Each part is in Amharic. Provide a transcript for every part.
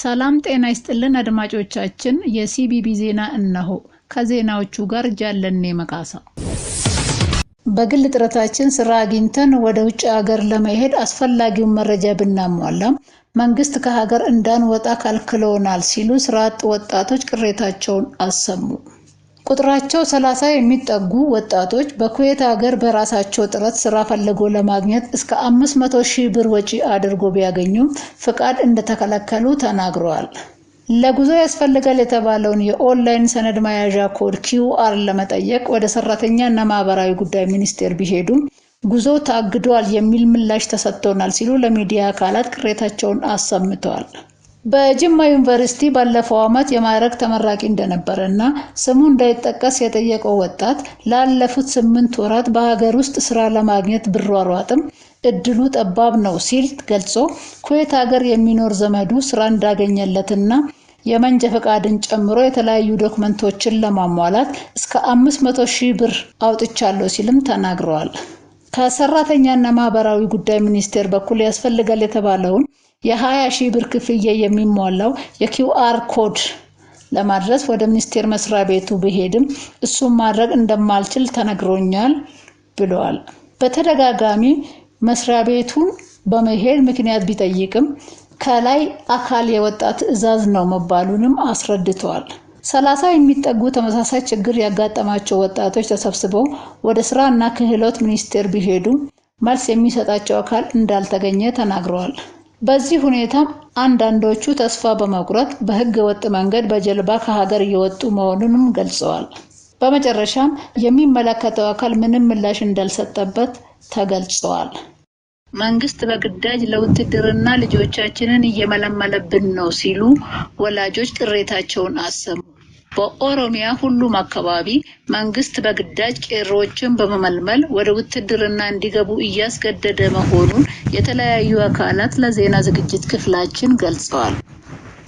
ሰላም ጤና ይስጥልን አድማጮቻችን፣ የሲቢቢ ዜና እነሆ። ከዜናዎቹ ጋር ጃለኔ መቃሳ። በግል ጥረታችን ስራ አግኝተን ወደ ውጭ ሀገር ለመሄድ አስፈላጊውን መረጃ ብናሟላም መንግስት ከሀገር እንዳንወጣ ከልክሎናል ሲሉ ስራ አጥ ወጣቶች ቅሬታቸውን አሰሙ። ቁጥራቸው ሰላሳ የሚጠጉ ወጣቶች በኩዌት ሀገር በራሳቸው ጥረት ስራ ፈልጎ ለማግኘት እስከ አምስት መቶ ሺህ ብር ወጪ አድርጎ ቢያገኙም ፍቃድ እንደተከለከሉ ተናግረዋል። ለጉዞ ያስፈልጋል የተባለውን የኦንላይን ሰነድ መያዣ ኮድ ኪውአር ለመጠየቅ ወደ ሰራተኛ እና ማህበራዊ ጉዳይ ሚኒስቴር ቢሄዱም ጉዞ ታግዷል የሚል ምላሽ ተሰጥቶናል ሲሉ ለሚዲያ አካላት ቅሬታቸውን አሰምተዋል። በጅማ ዩኒቨርሲቲ ባለፈው ዓመት የማዕረግ ተመራቂ እንደነበረ እና ስሙ እንዳይጠቀስ የጠየቀው ወጣት ላለፉት ስምንት ወራት በሀገር ውስጥ ስራ ለማግኘት ብሯሯጥም እድሉ ጠባብ ነው ሲል ገልጾ ኩዌት ሀገር የሚኖር ዘመዱ ስራ እንዳገኘለትና የመንጃ ፈቃድን ጨምሮ የተለያዩ ዶክመንቶችን ለማሟላት እስከ 500 ሺህ ብር አውጥቻለሁ ሲልም ተናግረዋል። ከሰራተኛና ማህበራዊ ጉዳይ ሚኒስቴር በኩል ያስፈልጋል የተባለውን የ20 ሺህ ብር ክፍያ የሚሟላው የኪውአር ኮድ ለማድረስ ወደ ሚኒስቴር መስሪያ ቤቱ ብሄድም እሱን ማድረግ እንደማልችል ተነግሮኛል ብለዋል። በተደጋጋሚ መስሪያ ቤቱን በመሄድ ምክንያት ቢጠይቅም ከላይ አካል የወጣ ትዕዛዝ ነው መባሉንም አስረድተዋል። ሰላሳ የሚጠጉ ተመሳሳይ ችግር ያጋጠማቸው ወጣቶች ተሰብስበው ወደ ስራ እና ክህሎት ሚኒስቴር ቢሄዱ መልስ የሚሰጣቸው አካል እንዳልተገኘ ተናግረዋል። በዚህ ሁኔታም አንዳንዶቹ ተስፋ በመቁረጥ በህገ ወጥ መንገድ በጀልባ ከሀገር እየወጡ መሆኑንም ገልጸዋል። በመጨረሻም የሚመለከተው አካል ምንም ምላሽ እንዳልሰጠበት ተገልጸዋል። መንግስት በግዳጅ ለውትድርና ልጆቻችንን እየመለመለብን ነው ሲሉ ወላጆች ቅሬታቸውን አሰሙ። በኦሮሚያ ሁሉም አካባቢ መንግስት በግዳጅ ቄሮዎችን በመመልመል ወደ ውትድርና እንዲገቡ እያስገደደ መሆኑን የተለያዩ አካላት ለዜና ዝግጅት ክፍላችን ገልጸዋል።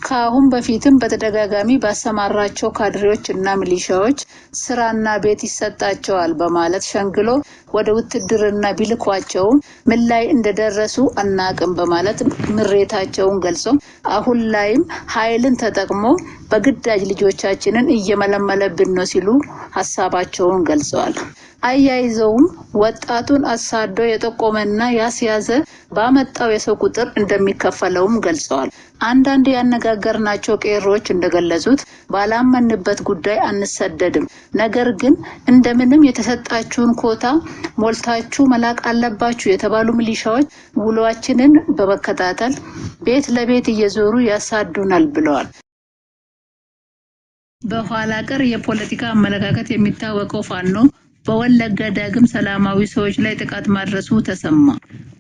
ከአሁን በፊትም በተደጋጋሚ ባሰማራቸው ካድሬዎች እና ሚሊሻዎች ስራና ቤት ይሰጣቸዋል በማለት ሸንግሎ ወደ ውትድርና ቢልኳቸውም ምን ላይ እንደደረሱ አናቅም በማለት ምሬታቸውን ገልጾ አሁን ላይም ኃይልን ተጠቅሞ በግዳጅ ልጆቻችንን እየመለመለብን ነው ሲሉ ሀሳባቸውን ገልጸዋል። አያይዘውም ወጣቱን አሳዶ የጠቆመና ያስያዘ ባመጣው የሰው ቁጥር እንደሚከፈለውም ገልጸዋል። አንዳንድ ያነጋገርናቸው ቄሮዎች እንደገለጹት ባላመንበት ጉዳይ አንሰደድም፣ ነገር ግን እንደምንም የተሰጣችሁን ኮታ ሞልታችሁ መላክ አለባችሁ የተባሉ ሚሊሻዎች ውሏችንን በመከታተል ቤት ለቤት እየዞሩ ያሳዱናል ብለዋል። በኋላ ቀር የፖለቲካ አመለካከት የሚታወቀው ፋኖ በወለጋ ዳግም ሰላማዊ ሰዎች ላይ ጥቃት ማድረሱ ተሰማ።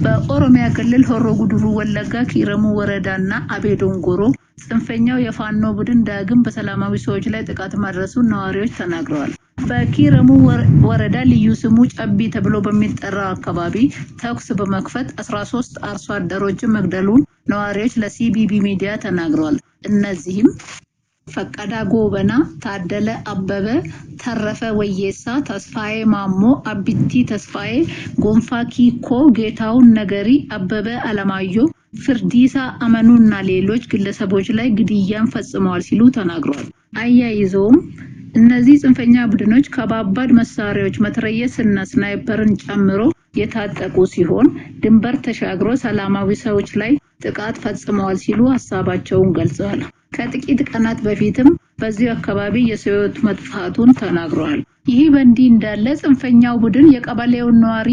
በኦሮሚያ ክልል ሆሮ ጉድሩ ወለጋ ኪረሙ ወረዳና አቤ ዶንጎሮ ጽንፈኛው የፋኖ ቡድን ዳግም በሰላማዊ ሰዎች ላይ ጥቃት ማድረሱ ነዋሪዎች ተናግረዋል። በኪረሙ ወረዳ ልዩ ስሙ ጨቢ ተብሎ በሚጠራው አካባቢ ተኩስ በመክፈት 13 አርሶ አደሮችን መግደሉን ነዋሪዎች ለሲቢቢ ሚዲያ ተናግረዋል። እነዚህም ፈቀዳ ጎበና፣ ታደለ አበበ፣ ተረፈ ወይሳ፣ ተስፋዬ ማሞ፣ አቢቲ ተስፋዬ፣ ጎንፋ ኪኮ፣ ጌታውን ነገሪ፣ አበበ ተረፈ ወየሳ ተስፋዬ ማሞ አቢቲ ተስፋዬ ጎንፋ ኪኮ ጌታውን ነገሪ አበበ አለማየሁ ፍርዲሳ አመኑ እና ሌሎች ግለሰቦች ላይ ግድያን ፈጽመዋል ሲሉ ተናግረዋል። አያይዘውም እነዚህ ጽንፈኛ ቡድኖች ከባባድ መሳሪያዎች መትረየስ እና ስናይፐርን ጨምሮ የታጠቁ ሲሆን ድንበር ተሻግሮ ሰላማዊ ሰዎች ላይ ጥቃት ፈጽመዋል ሲሉ ሀሳባቸውን ገልጸዋል። ከጥቂት ቀናት በፊትም በዚሁ አካባቢ የሰው መጥፋቱን ተናግረዋል። ይህ በእንዲህ እንዳለ ጽንፈኛው ቡድን የቀበሌውን ነዋሪ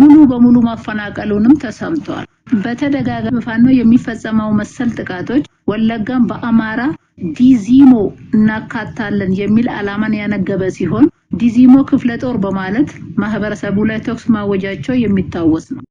ሙሉ በሙሉ ማፈናቀሉንም ተሰምተዋል። በተደጋጋሚ ፋኖ የሚፈጸመው መሰል ጥቃቶች ወለጋም በአማራ ዲዚሞ እናካታለን የሚል ዓላማን ያነገበ ሲሆን ዲዚሞ ክፍለ ጦር በማለት ማህበረሰቡ ላይ ተኩስ ማወጃቸው የሚታወስ ነው።